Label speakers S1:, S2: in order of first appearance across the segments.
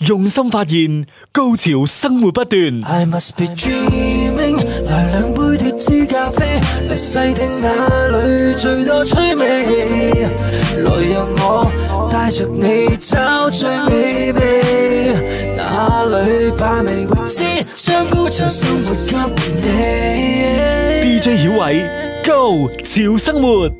S1: 用心發現，高潮生活不斷。I must be dreaming，來兩杯脫脂咖啡，嚟細聽那裏最多趣味。來讓我帶着你找最美味，哪裏把味未知，雙高潮生活給你。DJ 小偉，Go 潮生活。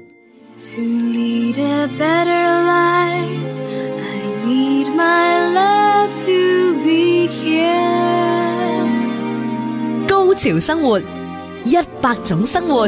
S1: 潮生活，一百種生活。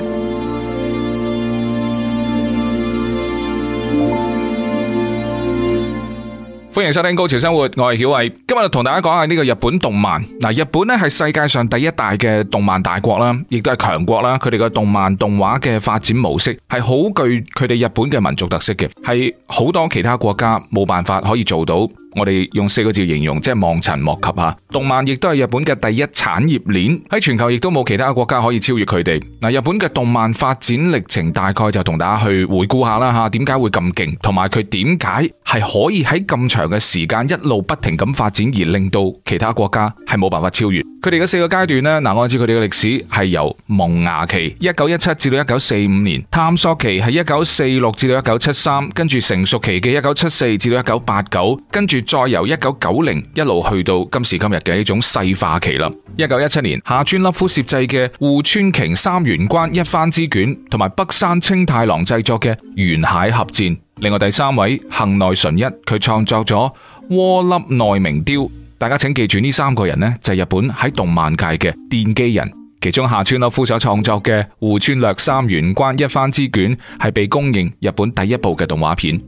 S1: 歡迎收聽《高潮生活》，我係曉偉。今日就同大家講下呢個日本動漫。嗱，日本咧係世界上第一大嘅動漫大國啦，亦都係強國啦。佢哋嘅動漫動畫嘅發展模式係好具佢哋日本嘅民族特色嘅，係好多其他國家冇辦法可以做到。我哋用四個字形容，即係望塵莫及吓。動漫亦都係日本嘅第一產業鏈，喺全球亦都冇其他國家可以超越佢哋。嗱，日本嘅動漫發展歷程大概就同大家去回顧下啦吓。點解會咁勁？同埋佢點解係可以喺咁長嘅時間一路不停咁發展，而令到其他國家係冇辦法超越？佢哋嘅四個階段咧，嗱，按照佢哋嘅歷史係由萌芽期（一九一七至到一九四五年），探索期係一九四六至到一九七三，73, 跟住成熟期嘅一九七四至到一九八九，89, 跟住。再由一九九零一路去到今時今日嘅呢種細化期啦。一九一七年，夏川粒夫攝製嘅戶川瓊三元關一番之卷，同埋北山清太郎製作嘅猿蟹合戰。另外第三位幸內純一，佢創作咗蝸粒內明雕。大家請記住呢三個人呢就係日本喺動漫界嘅奠基人。其中夏川粒夫所創作嘅戶川略三元關一番之卷，係被公認日本第一部嘅動畫片。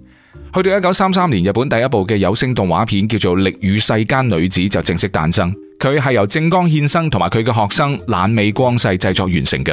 S1: 去到一九三三年，日本第一部嘅有聲動畫片叫做《力與世間女子》就正式誕生。佢係由正江憲生同埋佢嘅學生懶美光世製作完成嘅。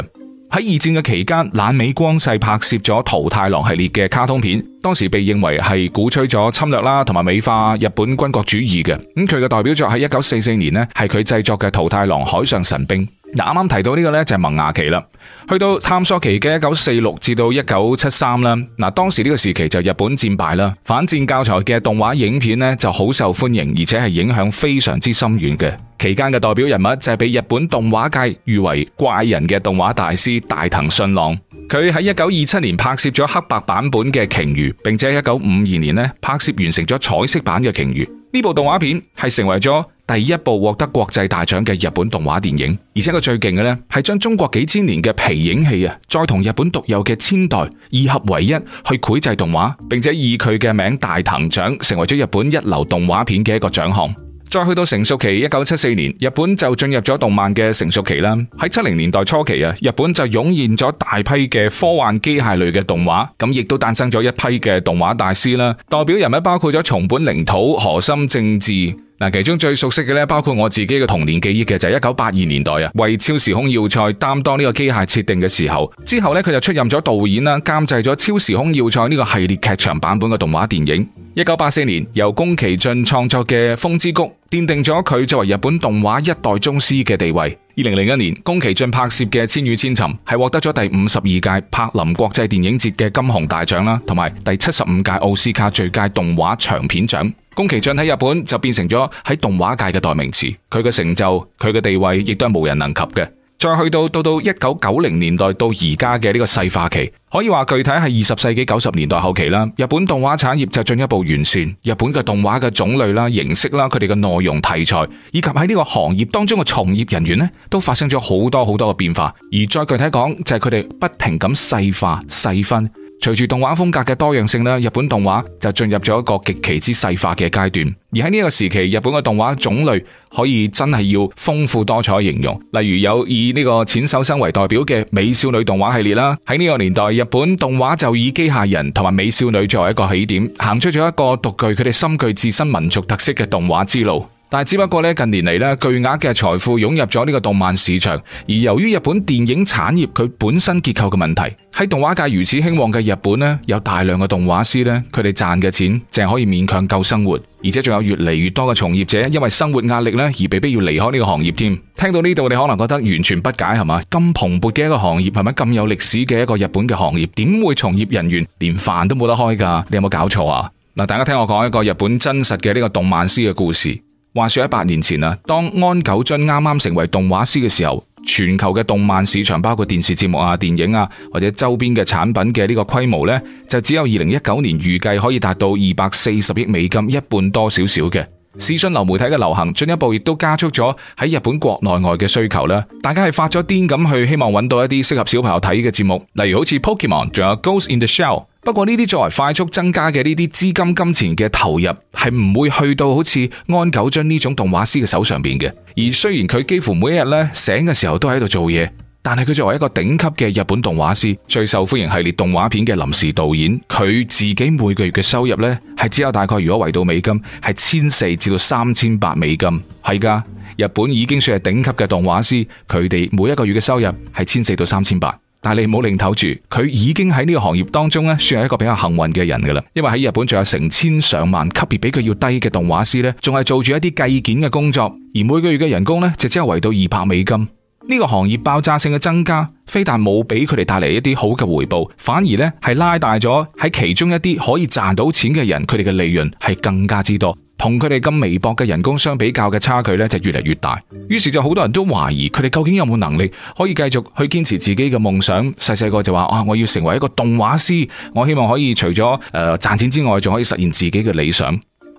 S1: 喺二戰嘅期間，懶美光世拍攝咗《桃太郎》系列嘅卡通片，當時被認為係鼓吹咗侵略啦，同埋美化日本軍國主義嘅。咁佢嘅代表作喺一九四四年咧，係佢製作嘅《桃太郎海上神兵》。嗱，啱啱提到呢個呢，就係萌芽期啦，去到探索期嘅一九四六至到一九七三啦。嗱，當時呢個時期就日本戰敗啦，反戰教材嘅動畫影片呢，就好受歡迎，而且係影響非常之深遠嘅。期間嘅代表人物就係被日本動畫界譽為怪人嘅動畫大師大藤信郎，佢喺一九二七年拍攝咗黑白版本嘅《鯨魚》，並且喺一九五二年呢，拍攝完成咗彩色版嘅《鯨魚》。呢部動畫片係成為咗第一部獲得國際大獎嘅日本動畫電影，而且佢最勁嘅呢係將中國幾千年嘅皮影戲啊，再同日本獨有嘅千代二合為一去繪製動畫，並且以佢嘅名大藤獎成為咗日本一流動畫片嘅一個獎項。再去到成熟期，一九七四年，日本就進入咗動漫嘅成熟期啦。喺七零年代初期啊，日本就湧現咗大批嘅科幻機械類嘅動畫，咁亦都誕生咗一批嘅動畫大師啦。代表人物包括咗松本零士、河森正治。嗱，其中最熟悉嘅咧，包括我自己嘅童年記憶嘅就係一九八二年代啊，為《超時空要塞》擔當呢個機械設定嘅時候，之後呢，佢就出任咗導演啦，監製咗《超時空要塞》呢、這個系列劇場版本嘅動畫電影。一九八四年，由宮崎駿創作嘅《風之谷》奠定咗佢作為日本動畫一代宗師嘅地位。二零零一年，宮崎駿拍攝嘅《千與千尋》係獲得咗第五十二屆柏林國際電影節嘅金熊大獎啦，同埋第七十五屆奧斯卡最佳動畫長片獎。宮崎駿喺日本就變成咗喺動畫界嘅代名詞，佢嘅成就、佢嘅地位，亦都係無人能及嘅。再去到到到一九九零年代到而家嘅呢個細化期，可以話具體係二十世紀九十年代後期啦。日本動畫產業就進一步完善，日本嘅動畫嘅種類啦、形式啦、佢哋嘅內容題材，以及喺呢個行業當中嘅從業人員咧，都發生咗好多好多嘅變化。而再具體講，就係佢哋不停咁細化、細分。隨住動畫風格嘅多樣性，呢日本動畫就進入咗一個極其之細化嘅階段。而喺呢一個時期，日本嘅動畫種類可以真係要豐富多彩形容。例如有以呢個淺手生為代表嘅美少女動畫系列啦。喺呢個年代，日本動畫就以機械人同埋美少女作為一個起點，行出咗一個獨具佢哋深具自身民族特色嘅動畫之路。但係只不過咧，近年嚟咧，巨額嘅財富湧入咗呢個動漫市場，而由於日本電影產業佢本身結構嘅問題，喺動畫界如此興旺嘅日本咧，有大量嘅動畫師咧，佢哋賺嘅錢淨係可以勉強夠生活，而且仲有越嚟越多嘅從業者因為生活壓力咧而被逼要離開呢個行業添。聽到呢度，你可能覺得完全不解係嘛？咁蓬勃嘅一個行業，係咪咁有歷史嘅一個日本嘅行業，點會從業人員連飯都冇得開噶？你有冇搞錯啊？嗱，大家聽我講一個日本真實嘅呢個動漫師嘅故事。話說喺八年前啊，當安久津啱啱成為動畫師嘅時候，全球嘅動漫市場，包括電視節目啊、電影啊，或者周邊嘅產品嘅呢個規模呢就只有二零一九年預計可以達到二百四十億美金，一半多少少嘅。視訊流媒體嘅流行，進一步亦都加速咗喺日本國內外嘅需求啦。大家係發咗癲咁去，希望揾到一啲適合小朋友睇嘅節目，例如好似 Pokemon，仲有 Ghost in the Shell。不過呢啲作為快速增加嘅呢啲資金金錢嘅投入，係唔會去到好似安久將呢種動畫師嘅手上邊嘅。而雖然佢幾乎每一日咧醒嘅時候都喺度做嘢。但係佢作為一個頂級嘅日本動畫師，最受歡迎系列動畫片嘅臨時導演，佢自己每個月嘅收入呢，係只有大概如果維到美金係千四至到三千八美金，係噶。日本已經算係頂級嘅動畫師，佢哋每一個月嘅收入係千四到三千八。但係你唔好另頭住，佢已經喺呢個行業當中咧，算係一個比較幸運嘅人噶啦。因為喺日本仲有成千上萬級別比佢要低嘅動畫師呢，仲係做住一啲計件嘅工作，而每個月嘅人工呢，就只有維到二百美金。呢個行業爆炸性嘅增加，非但冇俾佢哋帶嚟一啲好嘅回報，反而呢係拉大咗喺其中一啲可以賺到錢嘅人，佢哋嘅利潤係更加之多，同佢哋咁微薄嘅人工相比較嘅差距呢就越嚟越大。於是就好多人都懷疑佢哋究竟有冇能力可以繼續去堅持自己嘅夢想。細細個就話啊，我要成為一個動畫師，我希望可以除咗誒、呃、賺錢之外，仲可以實現自己嘅理想。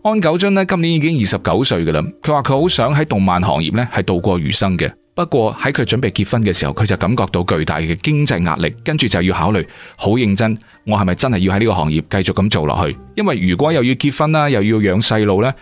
S1: 安久津呢今年已經二十九歲㗎喇，佢話佢好想喺動漫行業呢係度過餘生嘅。不過喺佢準備結婚嘅時候，佢就感覺到巨大嘅經濟壓力，跟住就要考慮，好認真，我係咪真係要喺呢個行業繼續咁做落去？因為如果又要結婚啦，又要養細路呢，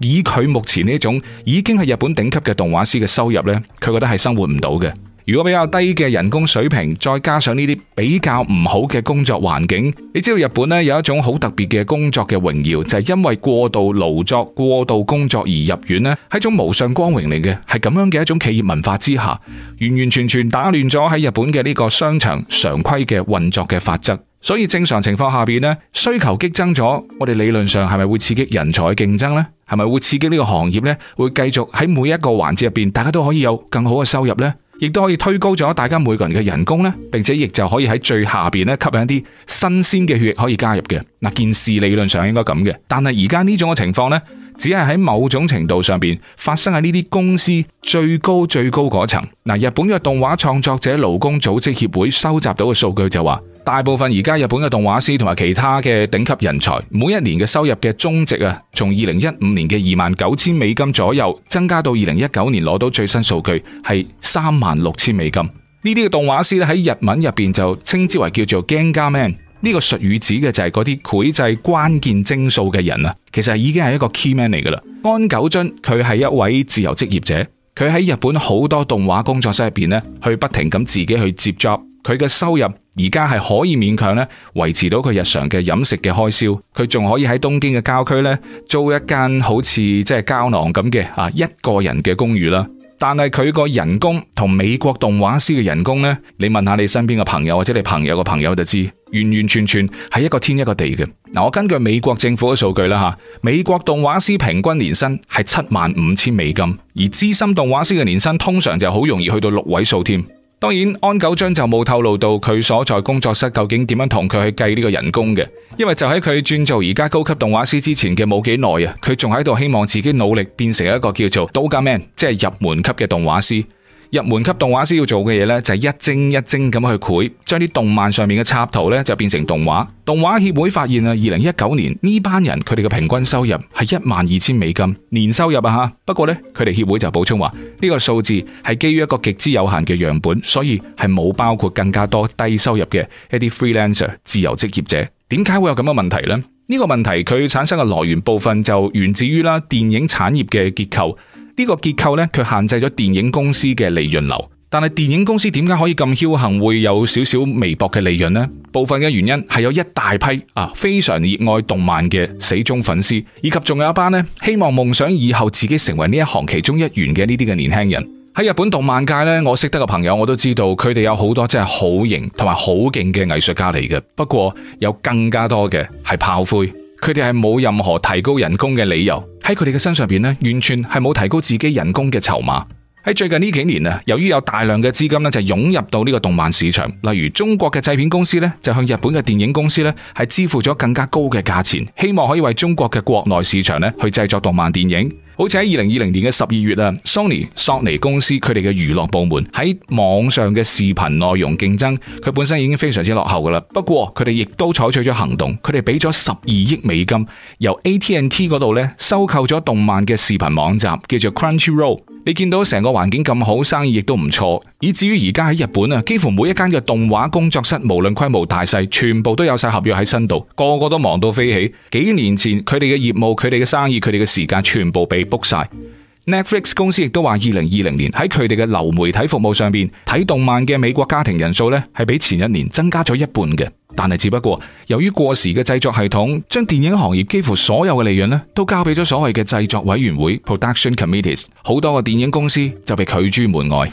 S1: 以佢目前呢種已經係日本頂級嘅動畫師嘅收入呢，佢覺得係生活唔到嘅。如果比較低嘅人工水平，再加上呢啲比較唔好嘅工作環境，你知道日本呢有一種好特別嘅工作嘅榮耀，就係、是、因為過度勞作、過度工作而入院呢係種無上光榮嚟嘅。係咁樣嘅一種企業文化之下，完完全全打亂咗喺日本嘅呢個商場常規嘅運作嘅法則。所以正常情況下邊呢需求激增咗，我哋理論上係咪會刺激人才嘅競爭呢？係咪會刺激呢個行業呢？會繼續喺每一個環節入邊，大家都可以有更好嘅收入呢。亦都可以推高咗大家每個人嘅人工呢，並且亦就可以喺最下邊呢吸引一啲新鮮嘅血液可以加入嘅。嗱，件事理論上應該咁嘅，但係而家呢種嘅情況呢，只係喺某種程度上邊發生喺呢啲公司最高最高嗰層。嗱，日本嘅動畫創作者勞工組織協會收集到嘅數據就話。大部分而家日本嘅動畫師同埋其他嘅頂級人才，每一年嘅收入嘅中值啊，從二零一五年嘅二萬九千美金左右，增加到二零一九年攞到最新數據係三萬六千美金。呢啲嘅動畫師咧喺日文入邊就稱之為叫做 Gangman，呢個術語指嘅就係嗰啲繪製關鍵幀數嘅人啊。其實已經係一個 key man 嚟噶啦。安久津佢係一位自由職業者，佢喺日本好多動畫工作室入邊呢，去不停咁自己去接 job，佢嘅收入。而家係可以勉強咧維持到佢日常嘅飲食嘅開銷，佢仲可以喺東京嘅郊區咧租一間好似即係膠囊咁嘅，啊一個人嘅公寓啦。但係佢個人工同美國動畫師嘅人工咧，你問下你身邊嘅朋友或者你朋友嘅朋友就知，完完全全係一個天一個地嘅。嗱，我根據美國政府嘅數據啦吓，美國動畫師平均年薪係七萬五千美金，而資深動畫師嘅年薪通常就好容易去到六位數添。當然，安九章就冇透露到佢所在工作室究竟點樣同佢去計呢個人工嘅，因為就喺佢轉做而家高級動畫師之前嘅冇幾耐啊，佢仲喺度希望自己努力變成一個叫做 doga man 即係、就是、入門級嘅動畫師。入門級動畫師要做嘅嘢呢，就係一幀一幀咁去繪，將啲動漫上面嘅插圖呢，就變成動畫。動畫協會發現啊，二零一九年呢班人佢哋嘅平均收入係一萬二千美金年收入啊吓。不過呢，佢哋協會就補充話呢個數字係基於一個極之有限嘅樣本，所以係冇包括更加多低收入嘅一啲 freelancer 自由職業者。點解會有咁嘅問題呢？呢個問題佢產生嘅來源部分就源自於啦電影產業嘅結構。呢個結構呢，佢限制咗電影公司嘅利潤流。但係電影公司點解可以咁僥倖，會有少少微薄嘅利潤呢？部分嘅原因係有一大批啊，非常熱愛動漫嘅死忠粉絲，以及仲有一班呢希望夢想以後自己成為呢一行其中一員嘅呢啲嘅年輕人。喺日本動漫界呢，我識得嘅朋友我都知道，佢哋有好多真係好型同埋好勁嘅藝術家嚟嘅。不過有更加多嘅係炮灰，佢哋係冇任何提高人工嘅理由。喺佢哋嘅身上邊咧，完全係冇提高自己人工嘅籌碼。喺最近呢幾年啊，由於有大量嘅資金咧，就湧入到呢個動漫市場，例如中國嘅製片公司咧，就向日本嘅電影公司咧，係支付咗更加高嘅價錢，希望可以為中國嘅國內市場咧去製作動漫電影。好似喺二零二零年嘅十二月啊，Sony 索尼公司佢哋嘅娛樂部門喺網上嘅視頻內容競爭，佢本身已經非常之落後噶啦。不過佢哋亦都採取咗行動，佢哋俾咗十二億美金由 AT&T 度咧收購咗動漫嘅視頻網站叫做 Crunchyroll。你見到成個環境咁好，生意亦都唔錯，以至於而家喺日本啊，幾乎每一間嘅動畫工作室，無論規模大細，全部都有晒合約喺身度，個個都忙到飛起。幾年前佢哋嘅業務、佢哋嘅生意、佢哋嘅時間，全部俾 book 晒 Netflix 公司亦都話，二零二零年喺佢哋嘅流媒體服務上邊睇動漫嘅美國家庭人數咧，係比前一年增加咗一半嘅。但係只不過由於過時嘅製作系統，將電影行業幾乎所有嘅利潤咧，都交俾咗所謂嘅製作委員會 （production committees），好多個電影公司就被拒諸門外。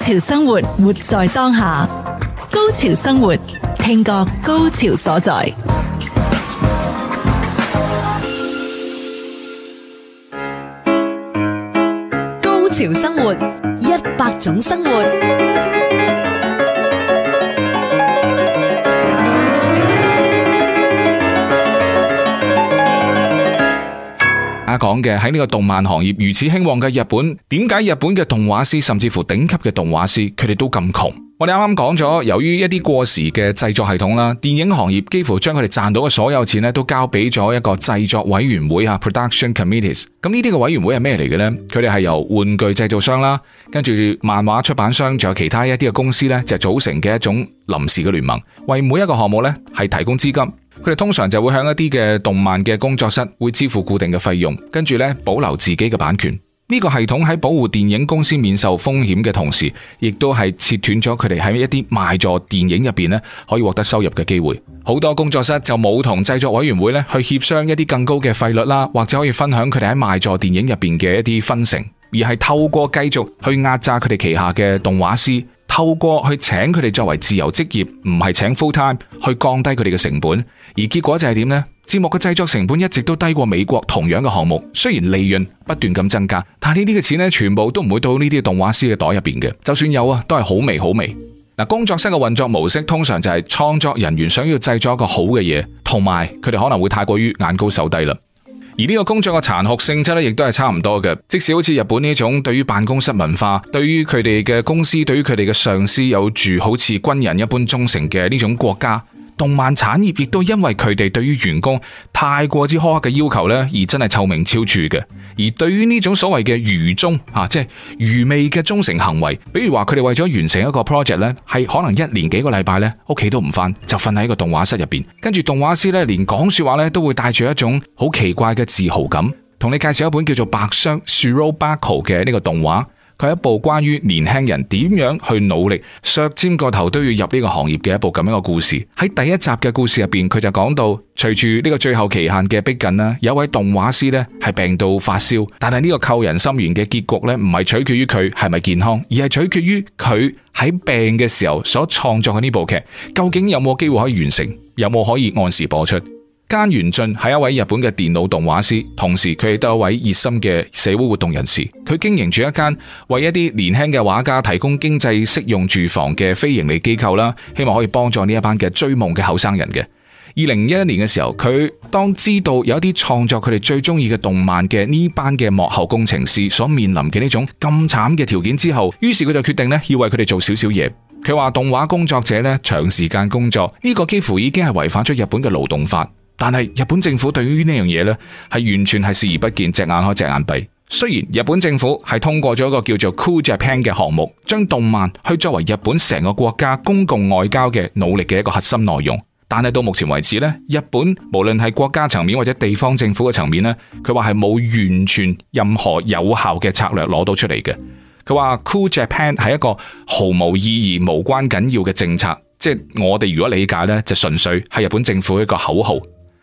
S1: 高潮生活，活在當下；高潮生活，聽過高潮所在。高潮生活，一百種生活。家講嘅喺，呢個動漫行業如此興旺嘅日本，點解日本嘅動畫師甚至乎頂級嘅動畫師，佢哋都咁窮？我哋啱啱講咗，由於一啲過時嘅製作系統啦，電影行業幾乎將佢哋賺到嘅所有錢咧，都交俾咗一個製作委員會啊 （Production Committees）。咁呢啲嘅委員會係咩嚟嘅呢？佢哋係由玩具製造商啦，跟住漫畫出版商，仲有其他一啲嘅公司呢，就組成嘅一種臨時嘅聯盟，為每一個項目呢，係提供資金。佢哋通常就會向一啲嘅動漫嘅工作室會支付固定嘅費用，跟住咧保留自己嘅版權。呢個系統喺保護電影公司免受風險嘅同時，亦都係切斷咗佢哋喺一啲賣座電影入邊咧可以獲得收入嘅機會。好多工作室就冇同製作委員會咧去協商一啲更高嘅費率啦，或者可以分享佢哋喺賣座電影入邊嘅一啲分成，而係透過繼續去壓榨佢哋旗下嘅動畫師。透過去請佢哋作為自由職業，唔係請 full time 去降低佢哋嘅成本，而結果就係點呢？節目嘅製作成本一直都低過美國同樣嘅項目，雖然利潤不斷咁增加，但係呢啲嘅錢呢，全部都唔會到呢啲動畫師嘅袋入邊嘅。就算有啊，都係好微好微。嗱，工作室嘅運作模式通常就係創作人員想要製作一個好嘅嘢，同埋佢哋可能會太過於眼高手低啦。而呢個工作嘅殘酷性質咧，亦都係差唔多嘅。即使好似日本呢種對於辦公室文化、對於佢哋嘅公司、對於佢哋嘅上司有住好似軍人一般忠誠嘅呢種國家。動漫產業亦都因為佢哋對於員工太過之苛刻嘅要求咧，而真係臭名昭著嘅。而對於呢種所謂嘅愚忠啊，即係愚昧嘅忠誠行為，比如話佢哋為咗完成一個 project 咧，係可能一年幾個禮拜咧屋企都唔返，就瞓喺個動畫室入邊。跟住動畫師咧，連講說話咧都會帶住一種好奇怪嘅自豪感。同你介紹一本叫做《白箱》（Shirobako） 嘅呢個動畫。佢一部關於年輕人點樣去努力削尖個頭都要入呢個行業嘅一部咁樣嘅故事。喺第一集嘅故事入邊，佢就講到，隨住呢個最後期限嘅逼近啦，有位動畫師咧係病到發燒，但係呢個扣人心弦嘅結局咧，唔係取決於佢係咪健康，而係取決於佢喺病嘅時候所創作嘅呢部劇，究竟有冇機會可以完成，有冇可以按時播出。間元俊係一位日本嘅電腦動畫師，同時佢亦都係一位熱心嘅社會活動人士。佢經營住一間為一啲年輕嘅畫家提供經濟適用住房嘅非營利機構啦，希望可以幫助呢一班嘅追夢嘅後生人嘅。二零一一年嘅時候，佢當知道有一啲創作佢哋最中意嘅動漫嘅呢班嘅幕後工程師所面臨嘅呢種咁慘嘅條件之後，於是佢就決定呢要為佢哋做少少嘢。佢話動畫工作者呢長時間工作呢，呢個幾乎已經係違反咗日本嘅勞動法。但係日本政府對於呢樣嘢呢，係完全係視而不見，隻眼開隻眼閉。雖然日本政府係通過咗一個叫做 Cool Japan 嘅項目，將動漫去作為日本成個國家公共外交嘅努力，嘅一個核心內容，但係到目前為止呢，日本無論係國家層面或者地方政府嘅層面呢，佢話係冇完全任何有效嘅策略攞到出嚟嘅。佢話 Cool Japan 係一個毫無意義、無關緊要嘅政策，即係我哋如果理解呢，就純粹係日本政府一個口號。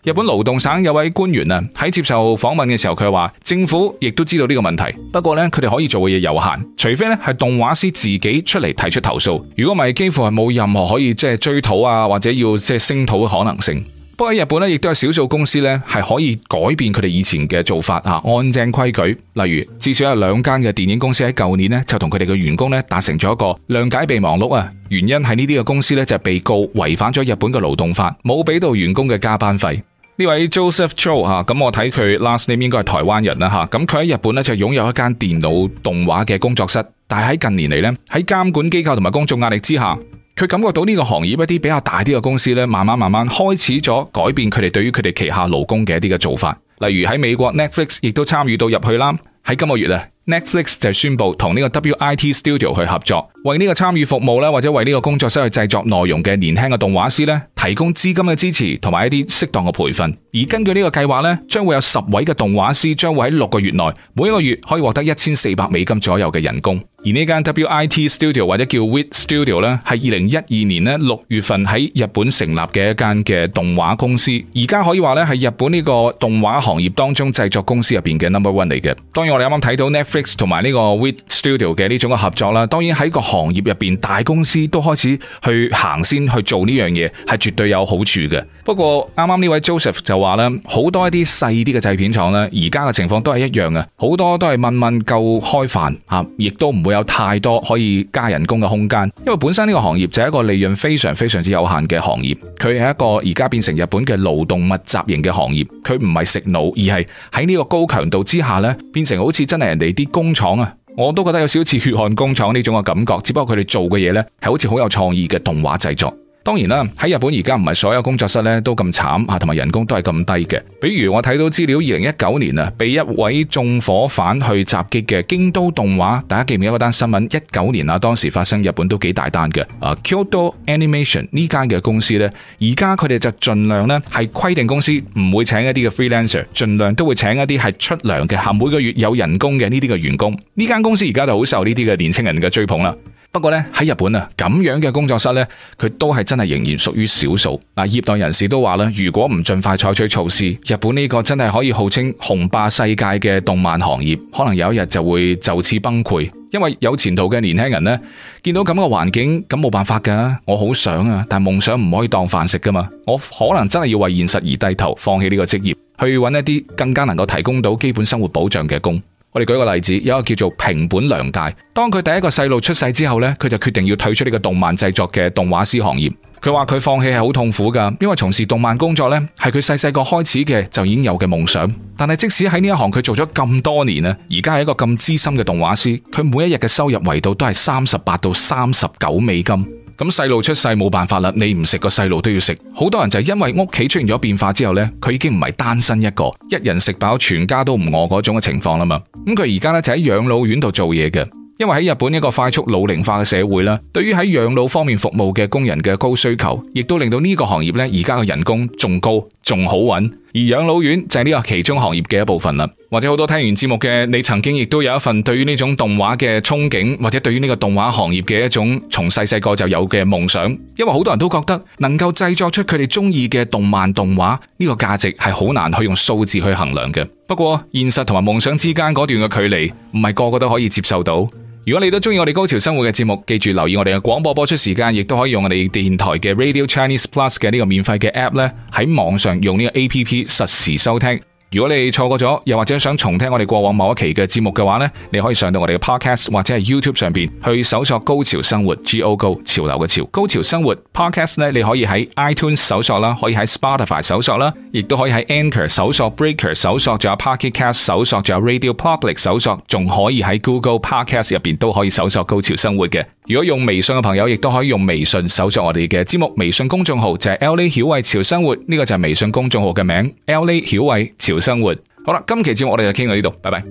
S1: 日本勞動省有位官員啊，喺接受訪問嘅時候，佢話政府亦都知道呢個問題，不過咧佢哋可以做嘅嘢有限，除非咧係動畫師自己出嚟提出投訴，如果唔係，幾乎係冇任何可以即係追討啊或者要即係聲討嘅可能性。不過喺日本咧，亦都有少數公司咧係可以改變佢哋以前嘅做法啊，按正規矩。例如，至少有兩間嘅電影公司喺舊年咧就同佢哋嘅員工咧達成咗一個諒解備忘錄啊，原因係呢啲嘅公司咧就係被告違反咗日本嘅勞動法，冇俾到員工嘅加班費。呢位 Joseph Cho 啊，咁我睇佢 last name 應該係台灣人啦，吓，咁佢喺日本咧就擁有一間電腦動畫嘅工作室，但係喺近年嚟咧，喺監管機構同埋公眾壓力之下，佢感覺到呢個行業一啲比較大啲嘅公司咧，慢慢慢慢開始咗改變佢哋對於佢哋旗下勞工嘅一啲嘅做法，例如喺美國 Netflix 亦都參與到入去啦，喺今個月啊。Netflix 就宣佈同呢個 WIT Studio 去合作，為呢個參與服務咧，或者為呢個工作室去製作內容嘅年輕嘅動畫師咧，提供資金嘅支持同埋一啲適當嘅培訓。而根據呢個計劃咧，將會有十位嘅動畫師將會喺六個月內，每一個月可以獲得一千四百美金左右嘅人工。而呢間 WIT Studio 或者叫 Wit Studio 咧，係二零一二年咧六月份喺日本成立嘅一間嘅動畫公司。而家可以話咧係日本呢個動畫行業當中製作公司入邊嘅 number one 嚟嘅。當然我哋啱啱睇到 Netflix 同埋呢個 With Studio 嘅呢種嘅合作啦，當然喺個行業入邊，大公司都開始去行先去做呢樣嘢，係絕對有好處嘅。不過啱啱呢位 Joseph 就話啦，好多一啲細啲嘅製片廠咧，而家嘅情況都係一樣嘅，好多都係問問夠開飯嚇，亦都唔會有太多可以加人工嘅空間，因為本身呢個行業就係一個利潤非常非常之有限嘅行業，佢係一個而家變成日本嘅勞動密集型嘅行業，佢唔係食腦，而係喺呢個高強度之下呢，變成好似真係人哋啲。工廠啊，我都覺得有少少似血汗工廠呢種嘅感覺，只不過佢哋做嘅嘢呢，係好似好有創意嘅動畫製作。當然啦，喺日本而家唔係所有工作室咧都咁慘啊，同埋人工都係咁低嘅。比如我睇到資料，二零一九年啊，被一位縱火犯去襲擊嘅京都動畫，大家記唔記得嗰單新聞？一九年啊，當時發生日本都幾大單嘅。啊 Kyoto Animation 呢間嘅公司呢，而家佢哋就盡量呢係規定公司唔會請一啲嘅 freelancer，盡量都會請一啲係出糧嘅，吓每個月有人工嘅呢啲嘅員工。呢間公司而家就好受呢啲嘅年青人嘅追捧啦。不過咧喺日本啊，咁樣嘅工作室呢，佢都係真係仍然屬於少數。啊，業內人士都話咧，如果唔盡快採取措施，日本呢個真係可以號稱雄霸世界嘅動漫行業，可能有一日就會就此崩潰。因為有前途嘅年輕人呢，見到咁嘅環境，咁冇辦法噶。我好想啊，但係夢想唔可以當飯食噶嘛。我可能真係要為現實而低頭，放棄呢個職業，去揾一啲更加能夠提供到基本生活保障嘅工。我哋舉個例子，有一個叫做平本良介。當佢第一個細路出世之後呢，佢就決定要退出呢個動漫製作嘅動畫師行業。佢話佢放棄係好痛苦㗎，因為從事動漫工作呢，係佢細細個開始嘅就已經有嘅夢想。但係即使喺呢一行佢做咗咁多年呢，而家係一個咁資深嘅動畫師，佢每一日嘅收入維度都係三十八到三十九美金。咁細路出世冇辦法啦，你唔食個細路都要食。好多人就係因為屋企出現咗變化之後呢，佢已經唔係單身一個，一人食飽全家都唔餓嗰種嘅情況啦嘛。咁佢而家咧就喺養老院度做嘢嘅，因為喺日本一個快速老齡化嘅社會啦，對於喺養老方面服務嘅工人嘅高需求，亦都令到呢個行業呢，而家嘅人工仲高仲好揾。而養老院就係呢個其中行業嘅一部分啦，或者好多聽完節目嘅，你曾經亦都有一份對於呢種動畫嘅憧憬，或者對於呢個動畫行業嘅一種從細細個就有嘅夢想，因為好多人都覺得能夠製作出佢哋中意嘅動漫動畫呢個價值係好難去用數字去衡量嘅。不過現實同埋夢想之間嗰段嘅距離，唔係個個都可以接受到。如果你都鍾意我哋高潮生活嘅節目，記住留意我哋嘅廣播播出時間，亦都可以用我哋電台嘅 Radio Chinese Plus 嘅呢個免費嘅 App 咧，喺網上用呢個 App 實時收聽。如果你錯過咗，又或者想重聽我哋過往某一期嘅節目嘅話呢，你可以上到我哋嘅 Podcast 或者係 YouTube 上邊去搜索《高潮生活》，GO GO，潮流嘅潮，高潮生活 Podcast 咧，你可以喺 iTunes 搜索啦，可以喺 Spotify 搜索啦，亦都可以喺 Anchor 搜索，Breaker 搜索，仲有 Pocket Casts 搜索，仲有 Radio Public 搜索，仲可以喺 Google Podcast 入邊都可以搜索《高潮生活》嘅。如果用微信嘅朋友，亦都可以用微信搜索我哋嘅節目微信公眾號，就係、是、LA 曉慧潮生活，呢、這個就係微信公眾號嘅名 LA 曉慧潮生活。好啦，今期節目我哋就傾到呢度，拜拜。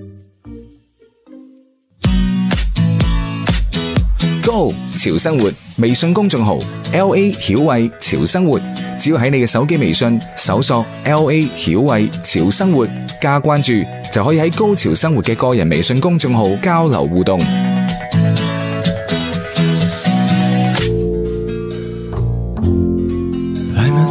S1: Go 潮生活微信公眾號 LA 曉慧潮生活，只要喺你嘅手機微信搜索 LA 曉慧潮生活，加關注就可以喺高潮生活嘅個人微信公眾號交流互動。